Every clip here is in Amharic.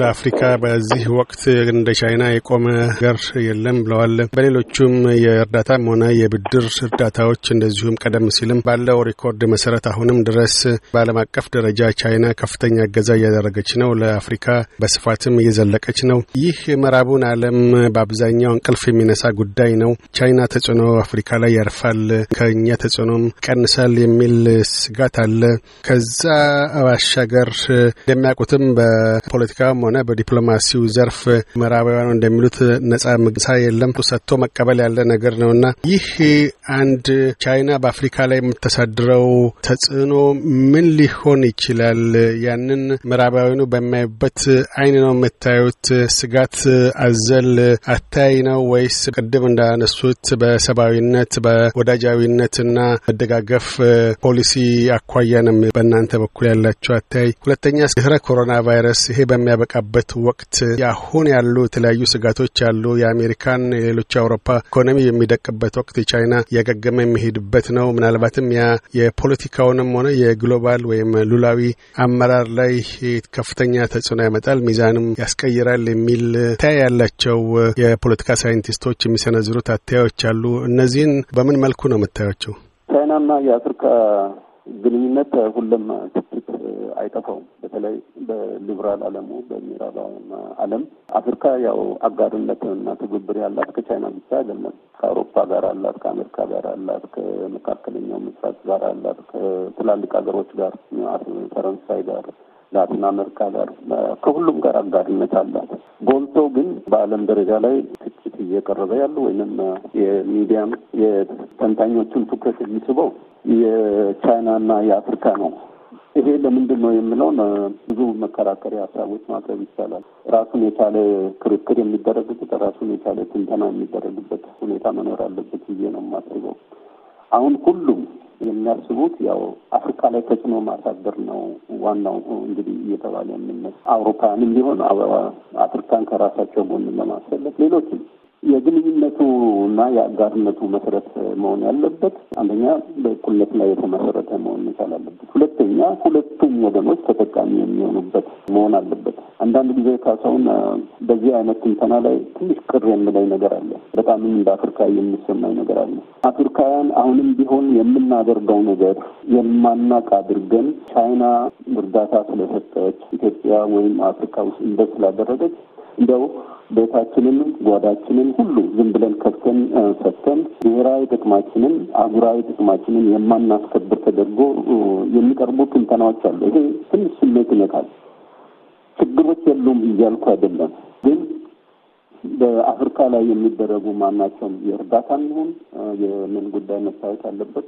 ለአፍሪካ በዚህ ወቅት እንደ ቻይና የቆመ ሀገር የለም ብለዋል። በሌሎቹም የእርዳታም ሆነ የብድር እርዳታዎች እንደዚሁም ቀደም ሲልም ባለው ሪኮርድ መሰረት አሁንም ድረስ በዓለም አቀፍ ደረጃ ቻይና ከፍተኛ እገዛ እያደረገች ነው። ለአፍሪካ በስፋትም እየዘለቀች ነው። ይህ ምዕራቡን ዓለም በአብዛኛው እንቅልፍ የሚነሳ ጉዳይ ነው። ቻይና ተጽዕኖ አፍሪካ ላይ ያርፋል፣ ከኛ ተጽዕኖም ቀንሳል የሚል ስጋት አለ። ከዛ ባሻገር እንደሚያውቁትም በፖለቲካም ሆነ በዲፕሎማሲው ዘርፍ ምዕራባውያኑ እንደሚሉት ነጻ ምግሳ የለም፣ ሰጥቶ መቀበል ያለ ነገር ነው እና ይህ አንድ ቻይና በአፍሪካ ላይ የምታሳድረው ተጽዕኖ ምን ሊሆን ይችላል? ያንን ምዕራባውያኑ በማይበት አይን ነው የምታዩት? ስጋት አዘል አታይ ነው ወይስ ቅድም እንዳነሱት በሰብአዊነት በወዳጃዊነት በወዳጃዊነትና መደጋገፍ ፖሊሲ አኳያ ነው በእናንተ በኩል ያላቸው አታይ? ሁለተኛ ድህረ ኮሮና ቫይረስ ይሄ በሚያበ በሚያበቃበት ወቅት አሁን ያሉ የተለያዩ ስጋቶች አሉ። የአሜሪካን የሌሎች አውሮፓ ኢኮኖሚ የሚደቅበት ወቅት የቻይና እያገገመ የሚሄድበት ነው። ምናልባትም ያ የፖለቲካውንም ሆነ የግሎባል ወይም ሉላዊ አመራር ላይ ከፍተኛ ተጽዕኖ ያመጣል፣ ሚዛንም ያስቀይራል የሚል አተያይ ያላቸው የፖለቲካ ሳይንቲስቶች የሚሰነዝሩት አተያዮች አሉ። እነዚህን በምን መልኩ ነው የምታያቸው? ቻይናና የአፍሪካ ግንኙነት ሁሉም ትችት አይጠፋውም። በተለይ በሊብራል ዓለሙ በምዕራባውያን ዓለም አፍሪካ ያው አጋርነት እና ትብብር ያላት ከቻይና ብቻ አይደለም። ከአውሮፓ ጋር አላት፣ ከአሜሪካ ጋር አላት፣ ከመካከለኛው ምስራቅ ጋር አላት፣ ከትላልቅ ሀገሮች ጋር ፈረንሳይ ጋር ላትና አሜሪካ ጋር ከሁሉም ጋር አጋርነት አላት። ጎልቶ ግን በዓለም ደረጃ ላይ ትችት እየቀረበ ያሉ ወይም የሚዲያም የተንታኞቹን ትኩረት የሚስበው የቻይናና የአፍሪካ ነው። ይሄ ለምንድን ነው የምለውን ብዙ መከራከሪያ ሀሳቦች ማቅረብ ይቻላል። ራሱን የቻለ ክርክር የሚደረግበት ራሱን የቻለ ትንተና የሚደረግበት ሁኔታ መኖር አለበት ብዬ ነው የማስበው። አሁን ሁሉም የሚያስቡት ያው አፍሪካ ላይ ተጽዕኖ ማሳደር ነው ዋናው እንግዲህ እየተባለ የምነት አውሮፓውያንም ቢሆን አፍሪካን ከራሳቸው ጎን ለማሰለፍ ሌሎችም የግንኙነቱ እና የአጋርነቱ መሰረት መሆን ያለበት አንደኛ በእኩልነት ላይ የተመሰረተ መሆን መቻል አለበት። ሁለተኛ ሁለቱም ወገኖች ተጠቃሚ የሚሆኑበት መሆን አለበት። አንዳንድ ጊዜ ካሳሁን በዚህ አይነት ትንተና ላይ ትንሽ ቅር የምለኝ ነገር አለ። በጣም እንደ አፍሪካ የሚሰማኝ ነገር አለ። አፍሪካውያን አሁንም ቢሆን የምናደርገው ነገር የማናቅ አድርገን ቻይና እርዳታ ስለሰጠች ኢትዮጵያ ወይም አፍሪካ ውስጥ እንደ ስላደረገች እንደው ቤታችንን ጓዳችንን ሁሉ ዝም ብለን ከፍተን ሰጥተን ብሔራዊ ጥቅማችንን አህጉራዊ ጥቅማችንን የማናስከብር ተደርጎ የሚቀርቡ ትንተናዎች አሉ። ይሄ ትንሽ ስሜት ይነካል። ችግሮች የሉም እያልኩ አይደለም። ግን በአፍሪካ ላይ የሚደረጉ ማናቸውም የእርዳታ የሚሆን የምን ጉዳይ መታየት አለበት።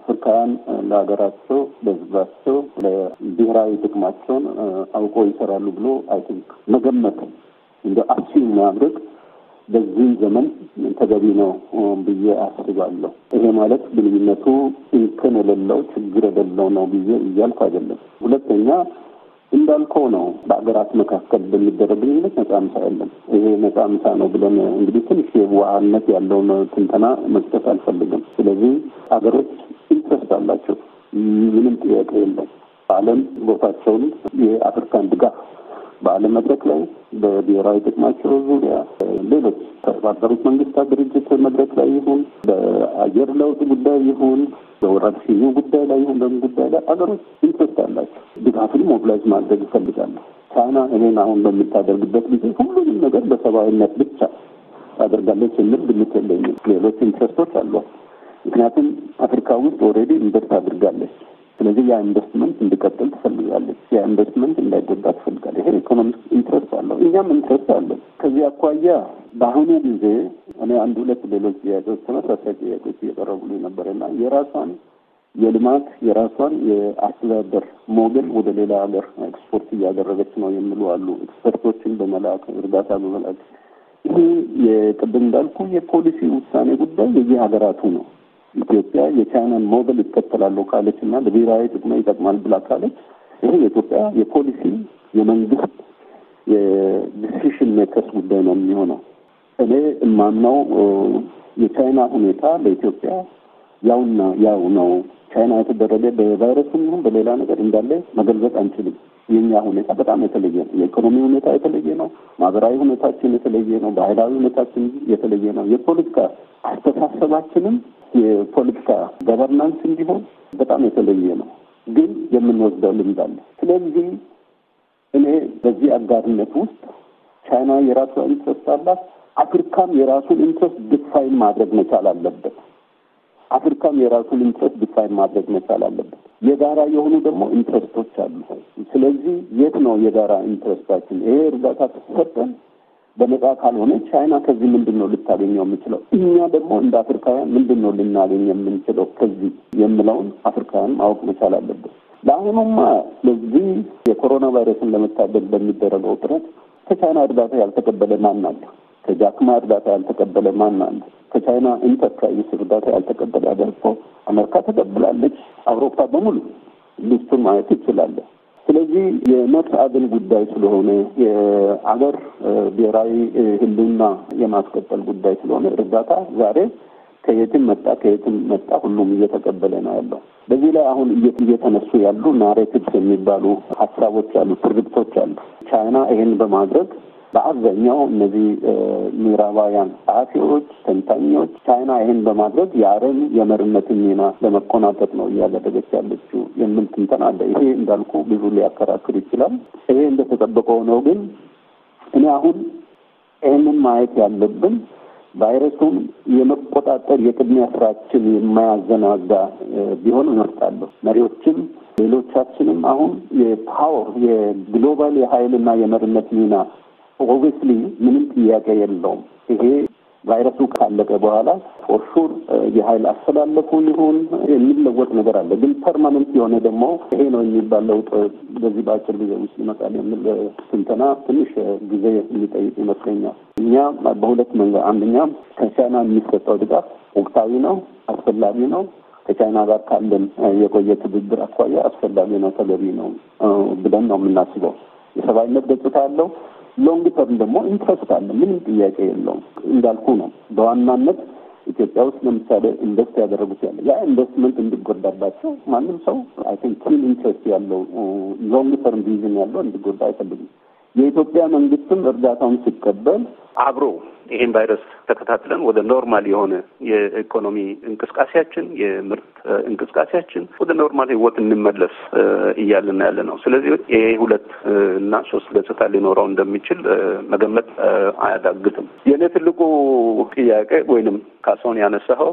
አፍሪካውያን ለሀገራቸው፣ ለሕዝባቸው፣ ለብሔራዊ ጥቅማቸውን አውቆ ይሰራሉ ብሎ አይ ቲንክ መገመት እንደ አክሲዮን ማድረግ በዚህ ዘመን ተገቢ ነው ብዬ አስባለሁ። ይሄ ማለት ግንኙነቱ እንከን የሌለው ችግር የሌለው ነው ብዬ እያልኩ አይደለም። ሁለተኛ እንዳልከው ነው። በሀገራት መካከል በሚደረግ ግንኙነት ነጻ ምሳ የለም። ይሄ ነጻ ምሳ ነው ብለን እንግዲህ ትንሽ የዋህነት ያለውን ትንተና መስጠት አልፈልግም። ስለዚህ ሀገሮች ኢንትረስት አላቸው፣ ምንም ጥያቄ የለም። በዓለም ቦታቸውን የአፍሪካን ድጋፍ በዓለም መድረክ ላይ በብሔራዊ ጥቅማቸው ዙሪያ ሌሎች ተባበሩት መንግስታት ድርጅት መድረክ ላይ ይሁን በአየር ለውጥ ጉዳይ ይሁን በወረርሽኙ ጉዳይ ላይ ይሁን በምን ጉዳይ ላይ ሀገሮች አላቸው። ድጋፍን ሞብላይዝ ማድረግ ይፈልጋሉ። ቻይና እኔን አሁን በምታደርግበት ጊዜ ሁሉንም ነገር በሰብአዊነት ብቻ ታደርጋለች የሚል ግምት የለኝም። ሌሎች ኢንትረስቶች አሏት። ምክንያቱም አፍሪካ ውስጥ ኦልሬዲ ኢንቨስት አድርጋለች። ስለዚህ ያ ኢንቨስትመንት እንድቀጥል ትፈልጋለች። ያ ኢንቨስትመንት እንዳይጎዳ ትፈልጋለች። ይሄ ኢኮኖሚክ ኢንትረስት አለው፣ እኛም ኢንትረስት አለን። ከዚህ አኳያ በአሁኑ ጊዜ እኔ አንድ ሁለት ሌሎች ጥያቄዎች ተመሳሳይ ጥያቄዎች እየቀረቡ እየቀረቡልኝ ነበረና የራሷን የልማት የራሷን የአስተዳደር ሞዴል ወደ ሌላ ሀገር ኤክስፖርት እያደረገች ነው የሚሉ አሉ። ኤክስፐርቶችን በመላክ እርዳታ በመላክ ይህ የቅድም እንዳልኩ የፖሊሲ ውሳኔ ጉዳይ የዚህ ሀገራቱ ነው። ኢትዮጵያ የቻይናን ሞዴል ይከተላለሁ ካለች እና ለብሔራዊ ጥቅመ ይጠቅማል ብላ ካለች ይሄ የኢትዮጵያ የፖሊሲ የመንግስት የዲሲሽን ሜከርስ ጉዳይ ነው የሚሆነው። እኔ የማምነው የቻይና ሁኔታ ለኢትዮጵያ ያውና ያው ነው ቻይና የተደረገ በቫይረስም ይሁን በሌላ ነገር እንዳለ መገልበጥ አንችልም። የኛ ሁኔታ በጣም የተለየ ነው። የኢኮኖሚ ሁኔታ የተለየ ነው። ማህበራዊ ሁኔታችን የተለየ ነው። ባህላዊ ሁኔታችን የተለየ ነው። የፖለቲካ አስተሳሰባችንም የፖለቲካ ገቨርናንስ እንዲሆን በጣም የተለየ ነው። ግን የምንወስደው ልምድ አለ። ስለዚህ እኔ በዚህ አጋርነት ውስጥ ቻይና የራሷ ኢንትረስት አላት። አፍሪካም የራሱን ኢንትረስት ድፋይን ማድረግ መቻል አለበት። አፍሪካም የራሱን ኢንትረስት ዲፋይን ማድረግ መቻል አለበት። የጋራ የሆኑ ደግሞ ኢንትረስቶች አሉ። ስለዚህ የት ነው የጋራ ኢንትረስታችን? ይሄ እርዳታ ተሰጠን በነጻ ካልሆነ ቻይና ከዚህ ምንድን ነው ልታገኘው የምችለው? እኛ ደግሞ እንደ አፍሪካውያን ምንድን ነው ልናገኝ የምንችለው ከዚህ የምለውን አፍሪካውያን ማወቅ መቻል አለበት። ለአሁኑማ ለዚህ የኮሮና ቫይረስን ለመታደግ በሚደረገው ጥረት ከቻይና እርዳታ ያልተቀበለ ማን አለ? ከጃክማ እርዳታ ያልተቀበለ ማን አለ? ከቻይና ኢንተርፕራይዝ እርዳታ ያልተቀበለ ሀገር እኮ አሜሪካ ተቀብላለች። አውሮፓ በሙሉ ሊስቱን ማየት ይችላለ። ስለዚህ የነፍስ አድን ጉዳይ ስለሆነ የአገር ብሔራዊ ህልና የማስቀጠል ጉዳይ ስለሆነ እርዳታ ዛሬ ከየትም መጣ ከየትም መጣ ሁሉም እየተቀበለ ነው ያለው። በዚህ ላይ አሁን እየተነሱ ያሉ ናሬቲቭስ የሚባሉ ሀሳቦች አሉ፣ ትርክቶች አሉ። ቻይና ይህን በማድረግ በአብዛኛው እነዚህ ምዕራባውያን ጸሐፊዎች፣ ተንታኞች ቻይና ይህን በማድረግ የአረን የመርነትን ሚና ለመቆናጠጥ ነው እያደረገች ያለችው የሚል ትንተና አለ። ይሄ እንዳልኩ ብዙ ሊያከራክር ይችላል። ይሄ እንደተጠበቀው ነው ግን እኔ አሁን ይህንን ማየት ያለብን ቫይረሱን የመቆጣጠር የቅድሚያ ስራችን የማያዘናጋ ቢሆን እመርጣለሁ። መሪዎችም ሌሎቻችንም አሁን የፓወር የግሎባል የሀይልና የመርነት ሚና ኦብቪስሊ ምንም ጥያቄ የለውም ይሄ ቫይረሱ ካለቀ በኋላ ፎርሹር የሀይል አስተላለፉ ይሁን የሚለወጥ ነገር አለ። ግን ፐርማነንት የሆነ ደግሞ ይሄ ነው የሚባል ለውጥ በዚህ በአጭር ጊዜ ውስጥ ይመጣል የሚል ስንተና ትንሽ ጊዜ የሚጠይቅ ይመስለኛል። እኛ በሁለት መንገድ፣ አንደኛ ከቻይና የሚሰጠው ድጋፍ ወቅታዊ ነው፣ አስፈላጊ ነው። ከቻይና ጋር ካለን የቆየ ትብብር አኳያ አስፈላጊ ነው፣ ተገቢ ነው ብለን ነው የምናስበው። የሰብአዊነት ገጽታ አለው። ሎንግ ተርም ደግሞ ኢንትረስት አለ። ምንም ጥያቄ የለውም። እንዳልኩ ነው በዋናነት ኢትዮጵያ ውስጥ ለምሳሌ ኢንቨስት ያደረጉት ያለ ያ ኢንቨስትመንት እንዲጎዳባቸው ማንም ሰው አይ ቲንክ ኢንትረስት ያለው ሎንግ ተርም ቪዥን ያለው እንዲጎዳ አይፈልግም። የኢትዮጵያ መንግስትም እርዳታውን ሲቀበል አብሮ ይሄን ቫይረስ ተከታትለን ወደ ኖርማል የሆነ የኢኮኖሚ እንቅስቃሴያችን የምርት እንቅስቃሴያችን ወደ ኖርማል ህይወት እንመለስ እያልን ያለ ነው። ስለዚህ ይሄ ሁለት እና ሶስት ገጽታ ሊኖረው እንደሚችል መገመት አያዳግትም። የእኔ ትልቁ ጥያቄ ወይንም ካሳሁን ያነሳኸው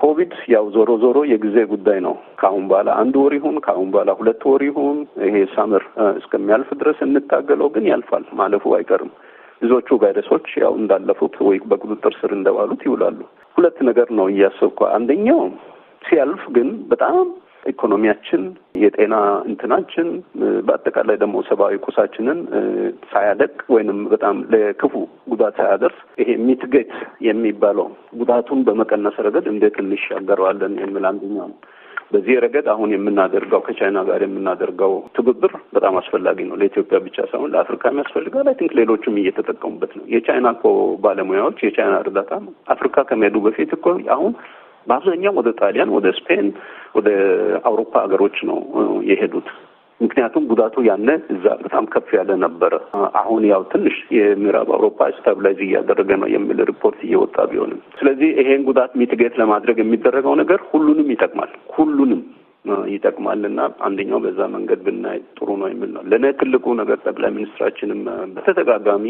ኮቪድ ያው ዞሮ ዞሮ የጊዜ ጉዳይ ነው። ከአሁን በኋላ አንድ ወር ይሁን ከአሁን በኋላ ሁለት ወር ይሁን ይሄ ሳምር እስከሚያልፍ ድረስ እንታገለው፣ ግን ያልፋል። ማለፉ አይቀርም። ብዙዎቹ ቫይረሶች ያው እንዳለፉት ወይ በቁጥጥር ስር እንደዋሉት ይውላሉ። ሁለት ነገር ነው እያሰብኩ አንደኛው ሲያልፍ ግን በጣም ኢኮኖሚያችን፣ የጤና እንትናችን፣ በአጠቃላይ ደግሞ ሰብአዊ ቁሳችንን ሳያደቅ ወይንም በጣም ለክፉ ጉዳት ሳያደርስ ይሄ ሚትጌት የሚባለው ጉዳቱን በመቀነስ ረገድ እንዴት እንሻገረዋለን የሚል አንደኛው ነው። በዚህ ረገድ አሁን የምናደርገው ከቻይና ጋር የምናደርገው ትብብር በጣም አስፈላጊ ነው። ለኢትዮጵያ ብቻ ሳይሆን ለአፍሪካም ያስፈልጋል። አይ ቲንክ ሌሎችም እየተጠቀሙበት ነው። የቻይና እኮ ባለሙያዎች የቻይና እርዳታ አፍሪካ ከመሄዱ በፊት እኮ አሁን በአብዛኛው ወደ ጣሊያን፣ ወደ ስፔን፣ ወደ አውሮፓ ሀገሮች ነው የሄዱት። ምክንያቱም ጉዳቱ ያነ እዛ በጣም ከፍ ያለ ነበረ። አሁን ያው ትንሽ የምዕራብ አውሮፓ ስታብላይዝ እያደረገ ነው የሚል ሪፖርት እየወጣ ቢሆንም፣ ስለዚህ ይሄን ጉዳት ሚትጌት ለማድረግ የሚደረገው ነገር ሁሉንም ይጠቅማል፣ ሁሉንም ይጠቅማል እና አንደኛው በዛ መንገድ ብናይ ጥሩ ነው የሚል ነው። ለእኔ ትልቁ ነገር ጠቅላይ ሚኒስትራችንም በተደጋጋሚ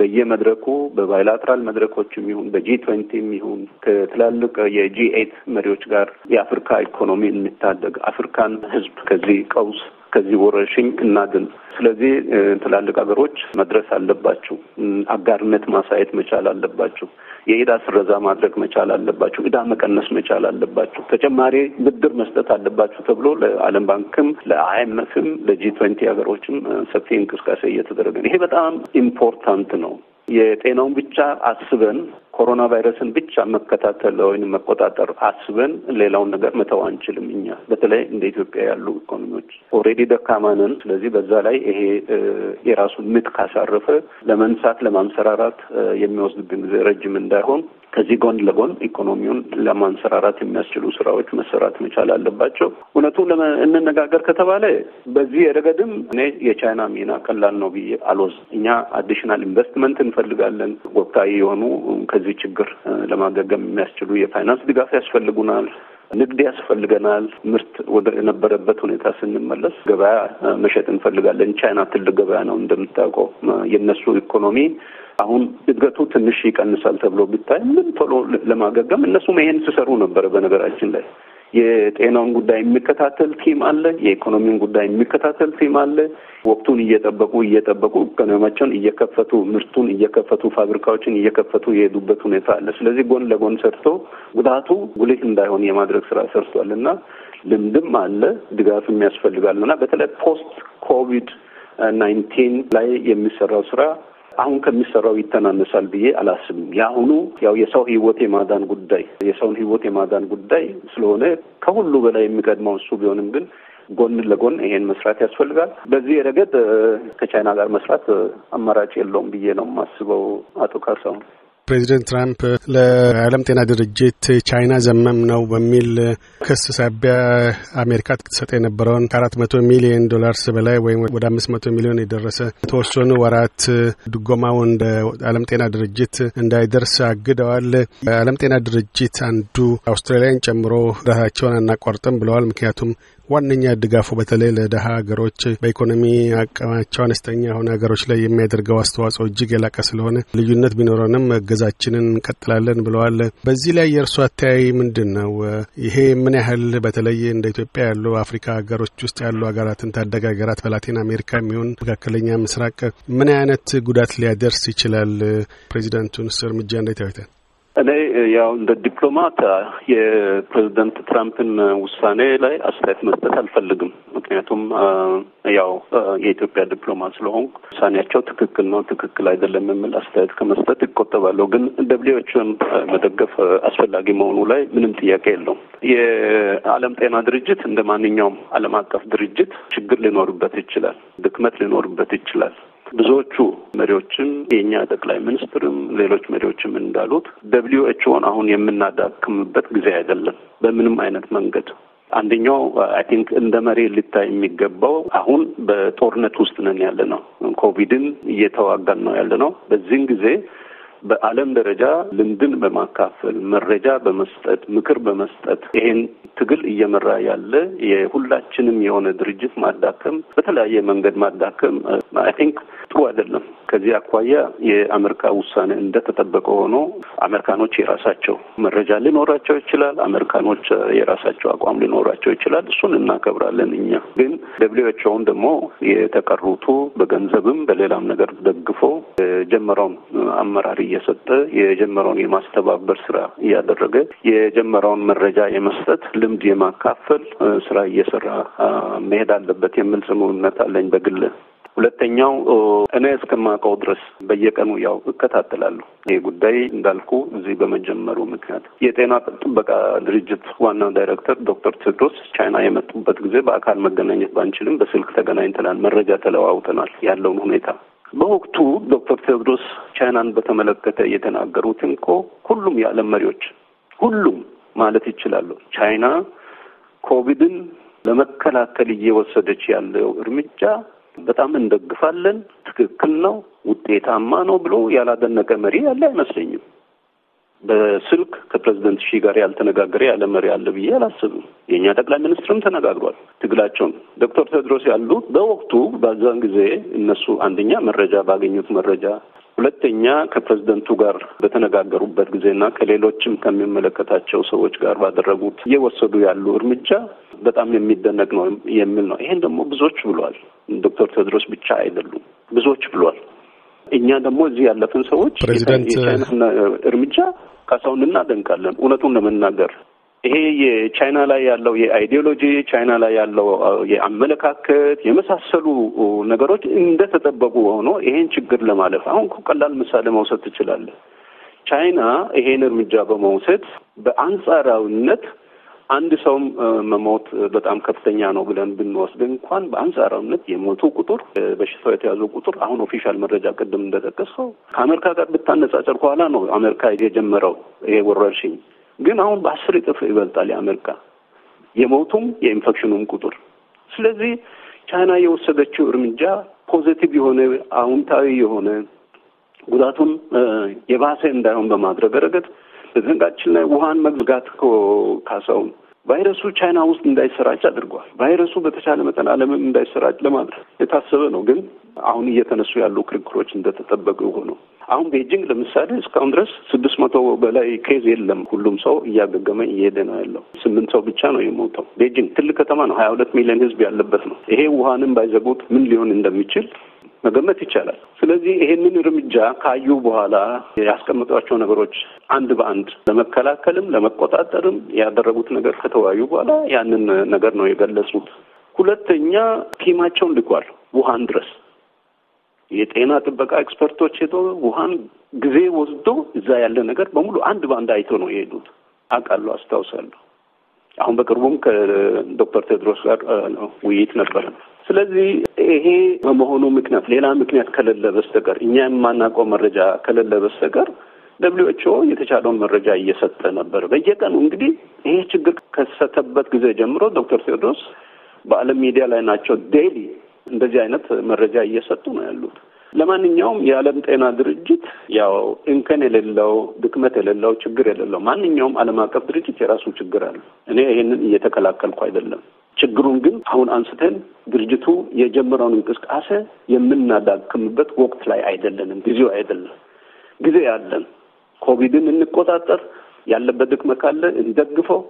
በየመድረኩ በባይላትራል መድረኮችም ይሁን በጂ ትዌንቲም ይሁን ከትላልቅ የጂ ኤት መሪዎች ጋር የአፍሪካ ኢኮኖሚ የሚታደግ አፍሪካን ህዝብ ከዚህ ቀውስ ከዚህ ወረርሽኝ እናድን። ስለዚህ ትላልቅ ሀገሮች መድረስ አለባቸው። አጋርነት ማሳየት መቻል አለባቸው። የዕዳ ስረዛ ማድረግ መቻል አለባቸው። ዕዳ መቀነስ መቻል አለባቸው። ተጨማሪ ብድር መስጠት አለባቸው ተብሎ ለዓለም ባንክም ለአይ ለጂ ትዌንቲ ሀገሮችም ሰፊ እንቅስቃሴ እየተደረገ ነው። ይሄ በጣም ኢምፖርታንት ነው። የጤናውን ብቻ አስበን ኮሮና ቫይረስን ብቻ መከታተል ወይም መቆጣጠር አስበን ሌላውን ነገር መተው አንችልም። እኛ በተለይ እንደ ኢትዮጵያ ያሉ ኢኮኖሚዎች ኦልሬዲ ደካማ ነን። ስለዚህ በዛ ላይ ይሄ የራሱን ምት ካሳረፈ ለመንሳት ለማንሰራራት የሚወስድብን ጊዜ ረጅም እንዳይሆን ከዚህ ጎን ለጎን ኢኮኖሚውን ለማንሰራራት የሚያስችሉ ስራዎች መሰራት መቻል አለባቸው። እውነቱን እንነጋገር ከተባለ በዚህ ረገድም እኔ የቻይና ሚና ቀላል ነው ብዬ አልወዝ እኛ አዲሽናል ኢንቨስትመንት እንፈልጋለን። ወቅታዊ የሆኑ ከዚህ ችግር ለማገገም የሚያስችሉ የፋይናንስ ድጋፍ ያስፈልጉናል። ንግድ ያስፈልገናል። ምርት ወደ ሁኔታ ስንመለስ ገበያ መሸጥ እንፈልጋለን። ቻይና ትልቅ ገበያ ነው እንደምታውቀው። የነሱ ኢኮኖሚ አሁን እድገቱ ትንሽ ይቀንሳል ተብሎ ቢታይ ምን ቶሎ ለማገገም እነሱም ይሄን ሲሰሩ ነበረ በነገራችን ላይ የጤናውን ጉዳይ የሚከታተል ቲም አለ። የኢኮኖሚውን ጉዳይ የሚከታተል ቲም አለ። ወቅቱን እየጠበቁ እየጠበቁ ቀኖማቸውን እየከፈቱ ምርቱን እየከፈቱ ፋብሪካዎችን እየከፈቱ የሄዱበት ሁኔታ አለ። ስለዚህ ጎን ለጎን ሰርቶ ጉዳቱ ጉልህ እንዳይሆን የማድረግ ስራ ሰርቷል እና ልምድም አለ፣ ድጋፍም ያስፈልጋል እና በተለይ ፖስት ኮቪድ ናይንቲን ላይ የሚሰራው ስራ አሁን ከሚሰራው ይተናነሳል ብዬ አላስብም። የአሁኑ ያው የሰው ህይወት የማዳን ጉዳይ የሰውን ህይወት የማዳን ጉዳይ ስለሆነ ከሁሉ በላይ የሚቀድመው እሱ ቢሆንም ግን ጎን ለጎን ይሄን መስራት ያስፈልጋል። በዚህ ረገድ ከቻይና ጋር መስራት አማራጭ የለውም ብዬ ነው የማስበው አቶ ካሳሁን። ፕሬዚደንት ትራምፕ ለዓለም ጤና ድርጅት ቻይና ዘመም ነው በሚል ክስ ሳቢያ አሜሪካ ትሰጠ የነበረውን ከአራት መቶ ሚሊዮን ዶላርስ በላይ ወይም ወደ አምስት መቶ ሚሊዮን የደረሰ የተወሰኑ ወራት ድጎማው እንደ ዓለም ጤና ድርጅት እንዳይደርስ አግደዋል። ዓለም ጤና ድርጅት አንዱ አውስትራሊያን ጨምሮ እርዳታቸውን አናቋርጥም ብለዋል። ምክንያቱም ዋነኛ ድጋፉ በተለይ ለደሀ ሀገሮች በኢኮኖሚ አቅማቸው አነስተኛ የሆነ ሀገሮች ላይ የሚያደርገው አስተዋጽኦ እጅግ የላቀ ስለሆነ ልዩነት ቢኖረንም እገዛችንን እንቀጥላለን ብለዋል። በዚህ ላይ የእርሱ አተያይ ምንድን ነው? ይሄ ምን ያህል በተለይ እንደ ኢትዮጵያ ያሉ አፍሪካ ሀገሮች ውስጥ ያሉ ሀገራትን ታዳጊ ሀገራት በላቲን አሜሪካ የሚሆን መካከለኛ ምስራቅ ምን አይነት ጉዳት ሊያደርስ ይችላል? ፕሬዚዳንቱንስ እርምጃ እንዴት ያዩታል? እኔ ያው እንደ ዲፕሎማት የፕሬዚደንት ትራምፕን ውሳኔ ላይ አስተያየት መስጠት አልፈልግም። ምክንያቱም ያው የኢትዮጵያ ዲፕሎማት ስለሆንኩ ውሳኔያቸው ትክክል ነው፣ ትክክል አይደለም የሚል አስተያየት ከመስጠት ይቆጠባለሁ። ግን ደብሊዎችን መደገፍ አስፈላጊ መሆኑ ላይ ምንም ጥያቄ የለውም። የዓለም ጤና ድርጅት እንደ ማንኛውም ዓለም አቀፍ ድርጅት ችግር ሊኖርበት ይችላል፣ ድክመት ሊኖርበት ይችላል። ብዙዎቹ መሪዎችም የእኛ ጠቅላይ ሚኒስትርም ሌሎች መሪዎችም እንዳሉት ደብሊዩ ኤችኦን አሁን የምናዳክምበት ጊዜ አይደለም በምንም አይነት መንገድ። አንደኛው አይ ቲንክ እንደ መሪ ሊታይ የሚገባው አሁን በጦርነት ውስጥ ነን ያለ ነው። ኮቪድን እየተዋጋን ነው ያለ ነው። በዚህን ጊዜ በዓለም ደረጃ ልምድን በማካፈል መረጃ በመስጠት ምክር በመስጠት ይሄን ትግል እየመራ ያለ የሁላችንም የሆነ ድርጅት ማዳከም፣ በተለያየ መንገድ ማዳከም አይ ቲንክ ጥሩ አይደለም። ከዚህ አኳያ የአሜሪካ ውሳኔ እንደተጠበቀ ሆኖ አሜሪካኖች የራሳቸው መረጃ ሊኖራቸው ይችላል። አሜሪካኖች የራሳቸው አቋም ሊኖራቸው ይችላል። እሱን እናከብራለን። እኛ ግን ደብሊው ደግሞ የተቀሩቱ በገንዘብም በሌላም ነገር ደግፎ የጀመረውን አመራር እየሰጠ የጀመረውን የማስተባበር ስራ እያደረገ የጀመረውን መረጃ የመስጠት ልምድ የማካፈል ስራ እየሰራ መሄድ አለበት የሚል ጽኑ እምነት አለኝ በግል። ሁለተኛው እኔ እስከማውቀው ድረስ በየቀኑ ያው እከታተላለሁ። ይህ ጉዳይ እንዳልኩ እዚህ በመጀመሩ ምክንያት የጤና ጥበቃ ድርጅት ዋና ዳይሬክተር ዶክተር ቴድሮስ ቻይና የመጡበት ጊዜ በአካል መገናኘት ባንችልም በስልክ ተገናኝተናል፣ መረጃ ተለዋውጠናል ያለውን ሁኔታ በወቅቱ ዶክተር ቴዎድሮስ ቻይናን በተመለከተ የተናገሩትን እኮ ሁሉም የዓለም መሪዎች ሁሉም ማለት ይችላሉ ቻይና ኮቪድን ለመከላከል እየወሰደች ያለው እርምጃ በጣም እንደግፋለን፣ ትክክል ነው፣ ውጤታማ ነው ብሎ ያላደነቀ መሪ ያለ አይመስለኝም። በስልክ ከፕሬዚደንት ሺ ጋር ያልተነጋገረ ያለ መሪ አለ ብዬ አላስብም። የእኛ ጠቅላይ ሚኒስትርም ተነጋግሯል። ትግላቸውን ዶክተር ቴድሮስ ያሉ በወቅቱ በዛን ጊዜ እነሱ አንደኛ መረጃ ባገኙት መረጃ፣ ሁለተኛ ከፕሬዝደንቱ ጋር በተነጋገሩበት ጊዜና ከሌሎችም ከሚመለከታቸው ሰዎች ጋር ባደረጉት እየወሰዱ ያሉ እርምጃ በጣም የሚደነቅ ነው የሚል ነው። ይሄን ደግሞ ብዙዎች ብሏል። ዶክተር ቴድሮስ ብቻ አይደሉም፣ ብዙዎች ብሏል። እኛ ደግሞ እዚህ ያለፍን ሰዎች የቻይናን እርምጃ ካሳሁን እናደንቃለን። እውነቱን ለመናገር ይሄ የቻይና ላይ ያለው የአይዲዮሎጂ ቻይና ላይ ያለው የአመለካከት የመሳሰሉ ነገሮች እንደተጠበቁ ሆኖ ይሄን ችግር ለማለፍ አሁን ቀላል ምሳሌ መውሰድ ትችላለህ። ቻይና ይሄን እርምጃ በመውሰድ በአንጻራዊነት አንድ ሰውም መሞት በጣም ከፍተኛ ነው ብለን ብንወስድ እንኳን በአንጻራዊነት የሞቱ ቁጥር በሽታው የተያዙ ቁጥር አሁን ኦፊሻል መረጃ ቅድም እንደጠቀስከው ከአሜሪካ ጋር ብታነጻጸር ከኋላ ነው አሜሪካ የጀመረው ይሄ ወረርሽኝ። ግን አሁን በአስር እጥፍ ይበልጣል የአሜሪካ የሞቱም የኢንፌክሽኑም ቁጥር። ስለዚህ ቻይና የወሰደችው እርምጃ ፖዚቲቭ የሆነ አውንታዊ የሆነ ጉዳቱን የባሰ እንዳይሆን በማድረግ ረገድ በዘንጋችን ላይ ውሃን መዝጋት እኮ ካሳውን ቫይረሱ ቻይና ውስጥ እንዳይሰራጭ አድርጓል። ቫይረሱ በተቻለ መጠን ዓለምም እንዳይሰራጭ ለማድረግ የታሰበ ነው። ግን አሁን እየተነሱ ያሉ ክርክሮች እንደተጠበቁ ሆኖ አሁን ቤጂንግ ለምሳሌ እስካሁን ድረስ ስድስት መቶ በላይ ኬዝ የለም። ሁሉም ሰው እያገገመ እየሄደ ነው ያለው። ስምንት ሰው ብቻ ነው የሞተው። ቤጂንግ ትልቅ ከተማ ነው። ሀያ ሁለት ሚሊዮን ህዝብ ያለበት ነው። ይሄ ውሃንም ባይዘጉት ምን ሊሆን እንደሚችል መገመት ይቻላል። ስለዚህ ይሄንን እርምጃ ካዩ በኋላ ያስቀመጧቸው ነገሮች አንድ በአንድ ለመከላከልም ለመቆጣጠርም ያደረጉት ነገር ከተወያዩ በኋላ ያንን ነገር ነው የገለጹት። ሁለተኛ ቲማቸውን ልኳል ውሃን ድረስ የጤና ጥበቃ ኤክስፐርቶች ሄዶ ውሃን ጊዜ ወስዶ እዛ ያለ ነገር በሙሉ አንድ በአንድ አይቶ ነው የሄዱት። አውቃለሁ፣ አስታውሳለሁ። አሁን በቅርቡም ከዶክተር ቴድሮስ ጋር ውይይት ነበር። ስለዚህ ይሄ በመሆኑ ምክንያት ሌላ ምክንያት ከሌለ በስተቀር እኛ የማናውቀው መረጃ ከሌለ በስተቀር ደብሊው ኤች ኦ የተቻለውን መረጃ እየሰጠ ነበር በየቀኑ እንግዲህ ይሄ ችግር ከሰተበት ጊዜ ጀምሮ ዶክተር ቴዎድሮስ በዓለም ሚዲያ ላይ ናቸው። ዴይሊ እንደዚህ አይነት መረጃ እየሰጡ ነው ያሉት። ለማንኛውም የዓለም ጤና ድርጅት ያው እንከን የሌለው ድክመት የሌለው ችግር የሌለው ማንኛውም ዓለም አቀፍ ድርጅት የራሱ ችግር አለ። እኔ ይህንን እየተከላከልኩ አይደለም። ችግሩን ግን አሁን አንስተን ድርጅቱ የጀመረውን እንቅስቃሴ የምናዳክምበት ወቅት ላይ አይደለንም። ጊዜው አይደለም። ጊዜ ያለን ኮቪድን እንቆጣጠር፣ ያለበት ድክመት ካለ እንደግፈው፣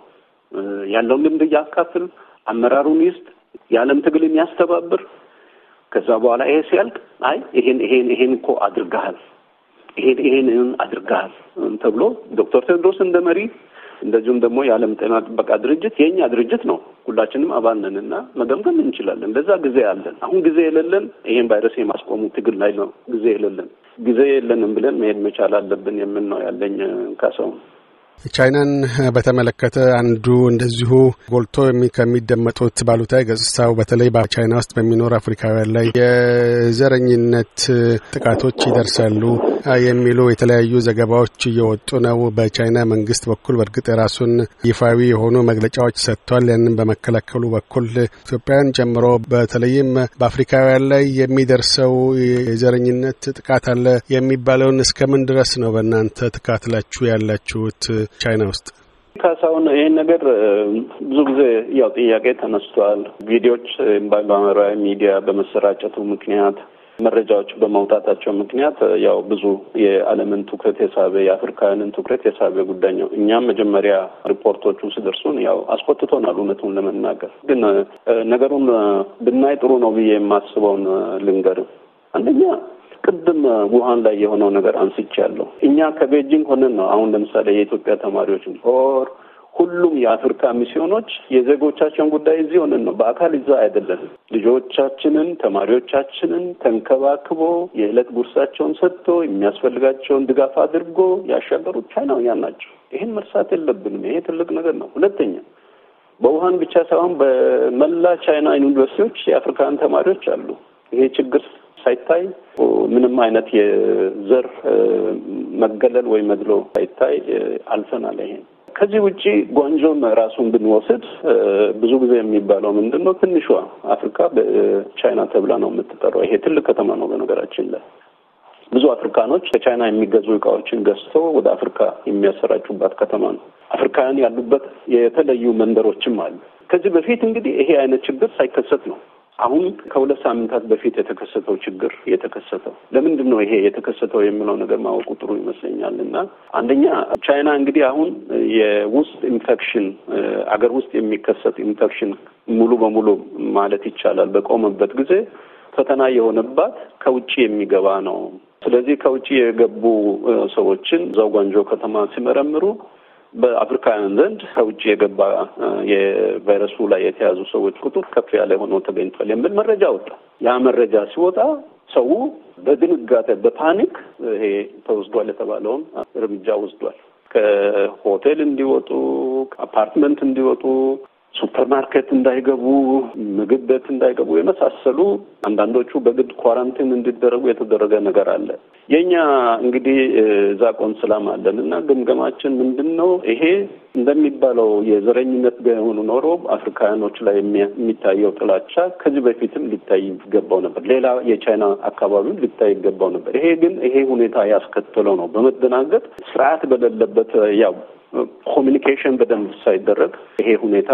ያለውን ልምድ እያካፍል፣ አመራሩን ይስጥ፣ የዓለም ትግልን ያስተባብር። ከዛ በኋላ ይሄ ሲያልቅ አይ ይሄን ይሄን ይሄን እኮ አድርገሃል ይሄን ይሄን አድርገሃል ተብሎ ዶክተር ቴድሮስ እንደ መሪ እንደዚሁም ደግሞ የዓለም ጤና ጥበቃ ድርጅት የእኛ ድርጅት ነው። ሁላችንም አባል ነን እና መገምገም እንችላለን። ለዛ ጊዜ አለን። አሁን ጊዜ የሌለን ይሄን ቫይረስ የማስቆሙ ትግል ላይ ነው ጊዜ የሌለን ጊዜ የለንም ብለን መሄድ መቻል አለብን። የምን ነው ያለኝ ካሳሁን ቻይናን በተመለከተ አንዱ እንደዚሁ ጎልቶ ከሚደመጡት ባሉታዊ ገጽታው በተለይ በቻይና ውስጥ በሚኖር አፍሪካውያን ላይ የዘረኝነት ጥቃቶች ይደርሳሉ የሚሉ የተለያዩ ዘገባዎች እየወጡ ነው። በቻይና መንግስት በኩል በእርግጥ የራሱን ይፋዊ የሆኑ መግለጫዎች ሰጥቷል። ያንን በመከላከሉ በኩል ኢትዮጵያን ጨምሮ በተለይም በአፍሪካውያን ላይ የሚደርሰው የዘረኝነት ጥቃት አለ የሚባለውን እስከምን ድረስ ነው በእናንተ ትካትላችሁ ያላችሁት? ቻይና ውስጥ? ካሳሁን ይህን ነገር ብዙ ጊዜ ያው ጥያቄ ተነስቷል። ቪዲዮዎች በማህበራዊ ሚዲያ በመሰራጨቱ ምክንያት መረጃዎች በመውጣታቸው ምክንያት ያው ብዙ የዓለምን ትኩረት የሳበ የአፍሪካውያንን ትኩረት የሳበ ጉዳይ ነው። እኛም መጀመሪያ ሪፖርቶቹ ስደርሱን ያው አስቆጥቶናል። እውነቱን ለመናገር ግን ነገሩን ብናይ ጥሩ ነው ብዬ የማስበውን ልንገርም አንደኛ ቅድም ውሃን ላይ የሆነው ነገር አንስቻለሁ። እኛ ከቤጂንግ ሆነን ነው አሁን ለምሳሌ የኢትዮጵያ ተማሪዎች ኦር ሁሉም የአፍሪካ ሚስዮኖች የዜጎቻቸውን ጉዳይ እዚህ ሆነን ነው፣ በአካል ይዛ አይደለንም። ልጆቻችንን ተማሪዎቻችንን ተንከባክቦ የዕለት ጉርሳቸውን ሰጥቶ የሚያስፈልጋቸውን ድጋፍ አድርጎ ያሻገሩት ቻይናውያን ናቸው። ይህን መርሳት የለብንም። ይሄ ትልቅ ነገር ነው። ሁለተኛ በውሃን ብቻ ሳይሆን በመላ ቻይና ዩኒቨርሲቲዎች የአፍሪካን ተማሪዎች አሉ። ይሄ ችግር ሳይታይ ምንም አይነት የዘር መገለል ወይ መድሎ ሳይታይ አልፈናል። ይሄ ከዚህ ውጪ ጓንጆም ራሱን ብንወስድ ብዙ ጊዜ የሚባለው ምንድን ነው? ትንሿ አፍሪካ በቻይና ተብላ ነው የምትጠራው። ይሄ ትልቅ ከተማ ነው በነገራችን ላይ ብዙ አፍሪካኖች ከቻይና የሚገዙ እቃዎችን ገዝተው ወደ አፍሪካ የሚያሰራጩባት ከተማ ነው። አፍሪካውያን ያሉበት የተለዩ መንደሮችም አሉ። ከዚህ በፊት እንግዲህ ይሄ አይነት ችግር ሳይከሰት ነው አሁን ከሁለት ሳምንታት በፊት የተከሰተው ችግር የተከሰተው ለምንድን ነው ይሄ የተከሰተው የሚለው ነገር ማወቁ ጥሩ ይመስለኛል። እና አንደኛ ቻይና እንግዲህ አሁን የውስጥ ኢንፌክሽን አገር ውስጥ የሚከሰት ኢንፌክሽን ሙሉ በሙሉ ማለት ይቻላል በቆመበት ጊዜ ፈተና የሆነባት ከውጭ የሚገባ ነው። ስለዚህ ከውጭ የገቡ ሰዎችን እዛው ጓንጆ ከተማ ሲመረምሩ በአፍሪካውያን ዘንድ ከውጭ የገባ የቫይረሱ ላይ የተያዙ ሰዎች ቁጥር ከፍ ያለ ሆኖ ተገኝቷል የሚል መረጃ ወጣ። ያ መረጃ ሲወጣ ሰው በድንጋጤ በፓኒክ ይሄ ተወስዷል የተባለውን እርምጃ ወስዷል። ከሆቴል እንዲወጡ፣ ከአፓርትመንት እንዲወጡ፣ ሱፐርማርኬት እንዳይገቡ፣ ምግብ ቤት እንዳይገቡ የመሳሰሉ አንዳንዶቹ በግድ ኳራንቲን እንዲደረጉ የተደረገ ነገር አለ። የእኛ እንግዲህ እዛ ቆንስላም አለን እና ግምገማችን ምንድን ነው? ይሄ እንደሚባለው የዘረኝነት ሆኑ ኖሮ አፍሪካውያኖች ላይ የሚታየው ጥላቻ ከዚህ በፊትም ሊታይ ይገባው ነበር። ሌላ የቻይና አካባቢም ሊታይ ይገባው ነበር። ይሄ ግን ይሄ ሁኔታ ያስከተለው ነው። በመደናገጥ ስርዓት በሌለበት ያው ኮሚኒኬሽን በደንብ ሳይደረግ ይሄ ሁኔታ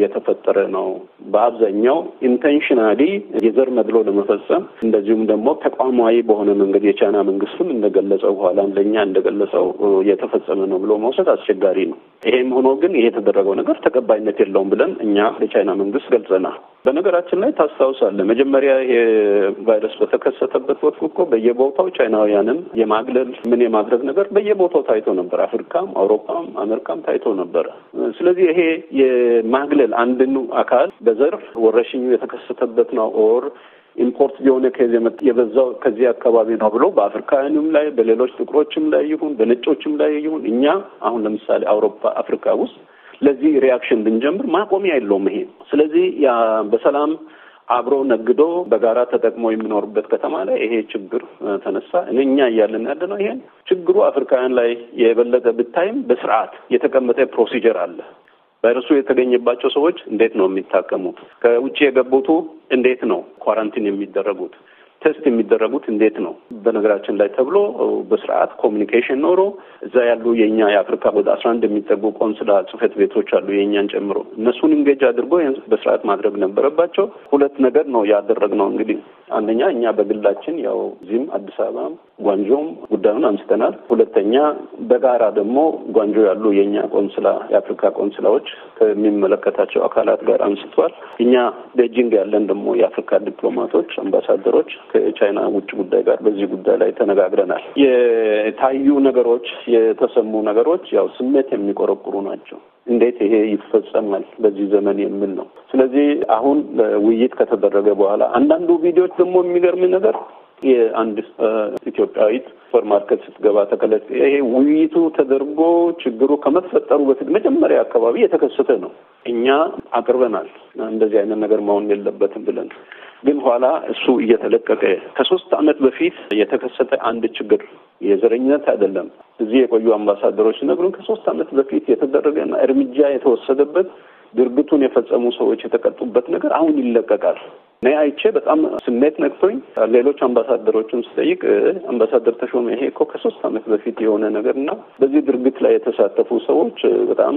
የተፈጠረ ነው። በአብዛኛው ኢንቴንሽናሊ የዘር መድሎ ለመፈጸም እንደዚሁም ደግሞ ተቋማዊ በሆነ መንገድ የቻይና መንግስትም እንደገለጸው በኋላም ለእኛ እንደገለጸው የተፈጸመ ነው ብሎ መውሰድ አስቸጋሪ ነው። ይሄም ሆኖ ግን ይሄ የተደረገው ነገር ተቀባይነት የለውም ብለን እኛ ለቻይና መንግስት ገልጸናል። በነገራችን ላይ ታስታውሳለህ፣ መጀመሪያ ይሄ ቫይረስ በተከሰተበት ወቅት እኮ በየቦታው ቻይናውያንን የማግለል ምን የማድረግ ነገር በየቦታው ታይቶ ነበር። አፍሪካም፣ አውሮፓም፣ አሜሪካም ታይቶ ነበረ። ስለዚህ ይሄ የማግለል አንድኑ አካል በዘርፍ ወረሽኙ የተከሰተበት ነው ኦር ኢምፖርት የሆነ ከዚ የበዛው ከዚህ አካባቢ ነው ብሎ በአፍሪካውያንም ላይ በሌሎች ጥቁሮችም ላይ ይሁን በነጮችም ላይ ይሁን እኛ አሁን ለምሳሌ አውሮፓ፣ አፍሪካ ውስጥ ለዚህ ሪያክሽን ብንጀምር ማቆሚያ የለውም ይሄ። ስለዚህ በሰላም አብሮ ነግዶ በጋራ ተጠቅሞ የሚኖርበት ከተማ ላይ ይሄ ችግር ተነሳ። እኛ እያለን ያለ ነው ይሄን ችግሩ አፍሪካውያን ላይ የበለጠ ብታይም በስርዓት የተቀመጠ ፕሮሲጀር አለ። ቫይረሱ የተገኘባቸው ሰዎች እንዴት ነው የሚታከሙት? ከውጭ የገቡቱ እንዴት ነው ኳራንቲን የሚደረጉት? ቴስት የሚደረጉት እንዴት ነው በነገራችን ላይ ተብሎ በስርዓት ኮሚኒኬሽን ኖሮ እዛ ያሉ የእኛ የአፍሪካ ወደ አስራ አንድ የሚጠጉ ቆንስላ ጽሕፈት ቤቶች አሉ የእኛን ጨምሮ እነሱን እንጌጅ አድርጎ በስርዓት ማድረግ ነበረባቸው። ሁለት ነገር ነው ያደረግነው እንግዲህ አንደኛ እኛ በግላችን ያው እዚህም አዲስ አበባም ጓንጆም ጉዳዩን አንስተናል። ሁለተኛ በጋራ ደግሞ ጓንጆ ያሉ የእኛ ቆንስላ የአፍሪካ ቆንስላዎች ከሚመለከታቸው አካላት ጋር አንስተዋል። እኛ ቤጂንግ ያለን ደግሞ የአፍሪካ ዲፕሎማቶች አምባሳደሮች ከቻይና ውጭ ጉዳይ ጋር በዚህ ጉዳይ ላይ ተነጋግረናል። የታዩ ነገሮች፣ የተሰሙ ነገሮች ያው ስሜት የሚቆረቁሩ ናቸው። እንዴት ይሄ ይፈጸማል በዚህ ዘመን የሚል ነው። ስለዚህ አሁን ውይይት ከተደረገ በኋላ አንዳንዱ ቪዲዮዎች ደግሞ የሚገርም ነገር የአንድ ኢትዮጵያዊት ሱፐር ማርኬት ስትገባ ተከለት ይሄ ውይይቱ ተደርጎ ችግሩ ከመፈጠሩ በፊት መጀመሪያ አካባቢ የተከሰተ ነው። እኛ አቅርበናል። እንደዚህ አይነት ነገር መሆን የለበትም ብለን ግን ኋላ እሱ እየተለቀቀ ከሶስት አመት በፊት የተከሰተ አንድ ችግር የዘረኝነት አይደለም። እዚህ የቆዩ አምባሳደሮች ሲነግሩን ከሶስት አመት በፊት የተደረገና እርምጃ የተወሰደበት ድርግቱን የፈጸሙ ሰዎች የተቀጡበት ነገር አሁን ይለቀቃል። እኔ አይቼ በጣም ስሜት ነክቶኝ ሌሎች አምባሳደሮችን ስጠይቅ አምባሳደር ተሾመ ይሄ እኮ ከሶስት ዓመት በፊት የሆነ ነገር እና በዚህ ድርግት ላይ የተሳተፉ ሰዎች በጣም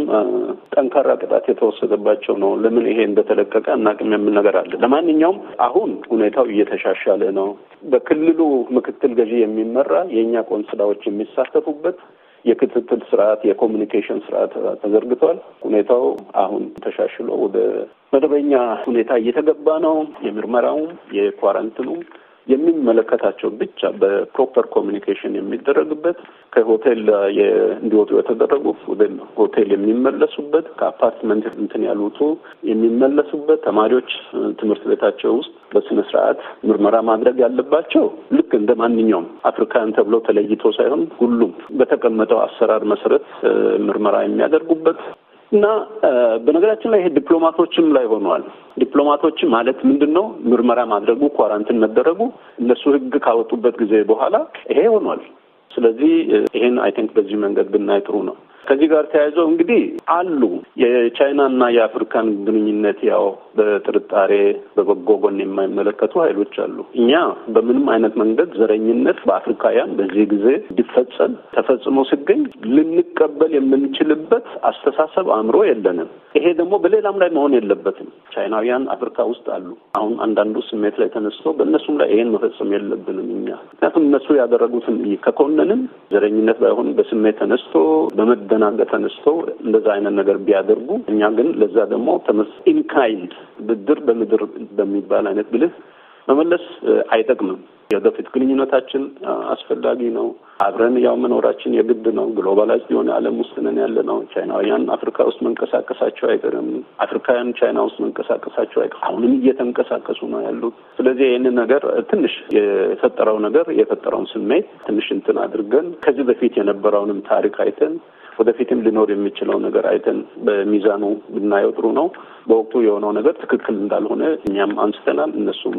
ጠንካራ ቅጣት የተወሰደባቸው ነው። ለምን ይሄ እንደተለቀቀ እናቅም የሚል ነገር አለ። ለማንኛውም አሁን ሁኔታው እየተሻሻለ ነው። በክልሉ ምክትል ገዢ የሚመራ የእኛ ቆንስላዎች የሚሳተፉበት የክትትል ስርዓት፣ የኮሚኒኬሽን ስርዓት ተዘርግቷል። ሁኔታው አሁን ተሻሽሎ ወደ መደበኛ ሁኔታ እየተገባ ነው። የምርመራውም የኳረንትኑም የሚመለከታቸው ብቻ በፕሮፐር ኮሚኒኬሽን የሚደረግበት ከሆቴል እንዲወጡ የተደረጉ ሆቴል የሚመለሱበት ከአፓርትመንት እንትን ያሉቱ የሚመለሱበት ተማሪዎች ትምህርት ቤታቸው ውስጥ በስነ ስርዓት ምርመራ ማድረግ ያለባቸው ልክ እንደ ማንኛውም አፍሪካን ተብሎ ተለይቶ ሳይሆን ሁሉም በተቀመጠው አሰራር መሰረት ምርመራ የሚያደርጉበት እና በነገራችን ላይ ይሄ ዲፕሎማቶችም ላይ ሆኗል። ዲፕሎማቶች ማለት ምንድን ነው? ምርመራ ማድረጉ ኳራንቲን መደረጉ እነሱ ህግ ካወጡበት ጊዜ በኋላ ይሄ ሆኗል። ስለዚህ ይሄን አይ ቲንክ በዚህ መንገድ ብናይ ጥሩ ነው። ከዚህ ጋር ተያይዞ እንግዲህ አሉ የቻይናና የአፍሪካን ግንኙነት ያው በጥርጣሬ በበጎ ጎን የማይመለከቱ ኃይሎች አሉ። እኛ በምንም አይነት መንገድ ዘረኝነት በአፍሪካውያን በዚህ ጊዜ እንዲፈጸም ተፈጽሞ ሲገኝ ልንቀበል የምንችልበት አስተሳሰብ አእምሮ የለንም። ይሄ ደግሞ በሌላም ላይ መሆን የለበትም። ቻይናውያን አፍሪካ ውስጥ አሉ። አሁን አንዳንዱ ስሜት ላይ ተነስቶ በእነሱም ላይ ይሄን መፈጸም የለብንም እኛ ምክንያቱም እነሱ ያደረጉትን ከኮነንም ዘረኝነት ባይሆን በስሜት ተነስቶ በመ ከመደናገጥ ተነስተው እንደዛ አይነት ነገር ቢያደርጉ፣ እኛ ግን ለዛ ደግሞ ተመስ ኢንካይንድ ብድር በምድር በሚባል አይነት ብልህ መመለስ አይጠቅምም። የወደፊት ግንኙነታችን አስፈላጊ ነው። አብረን ያው መኖራችን የግድ ነው። ግሎባላይዝ የሆነ ዓለም ውስጥ ነን ያለ ነው። ቻይናውያን አፍሪካ ውስጥ መንቀሳቀሳቸው አይቀርም። አፍሪካውያን ቻይና ውስጥ መንቀሳቀሳቸው አይቀርም። አሁንም እየተንቀሳቀሱ ነው ያሉት። ስለዚህ ይህንን ነገር ትንሽ የፈጠረው ነገር የፈጠረውን ስሜት ትንሽ እንትን አድርገን ከዚህ በፊት የነበረውንም ታሪክ አይተን ወደፊትም ሊኖር የሚችለው ነገር አይተን በሚዛኑ ብናየው ጥሩ ነው። በወቅቱ የሆነው ነገር ትክክል እንዳልሆነ እኛም አንስተናል። እነሱም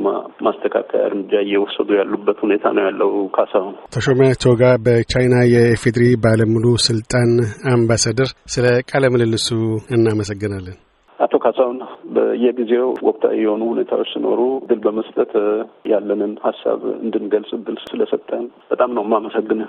ማስተካከያ እርምጃ እየወሰዱ ያሉበት ሁኔታ ነው ያለው። ካሳሁን ተሾመያቸው ጋር በቻይና የኢፌዴሪ ባለሙሉ ስልጣን አምባሳደር ስለ ቃለ ምልልሱ እናመሰግናለን። አቶ ካሳሁን በየጊዜው ወቅታዊ የሆኑ ሁኔታዎች ሲኖሩ ድል በመስጠት ያለንን ሀሳብ እንድንገልጽ ድል ስለሰጠን በጣም ነው የማመሰግንህ።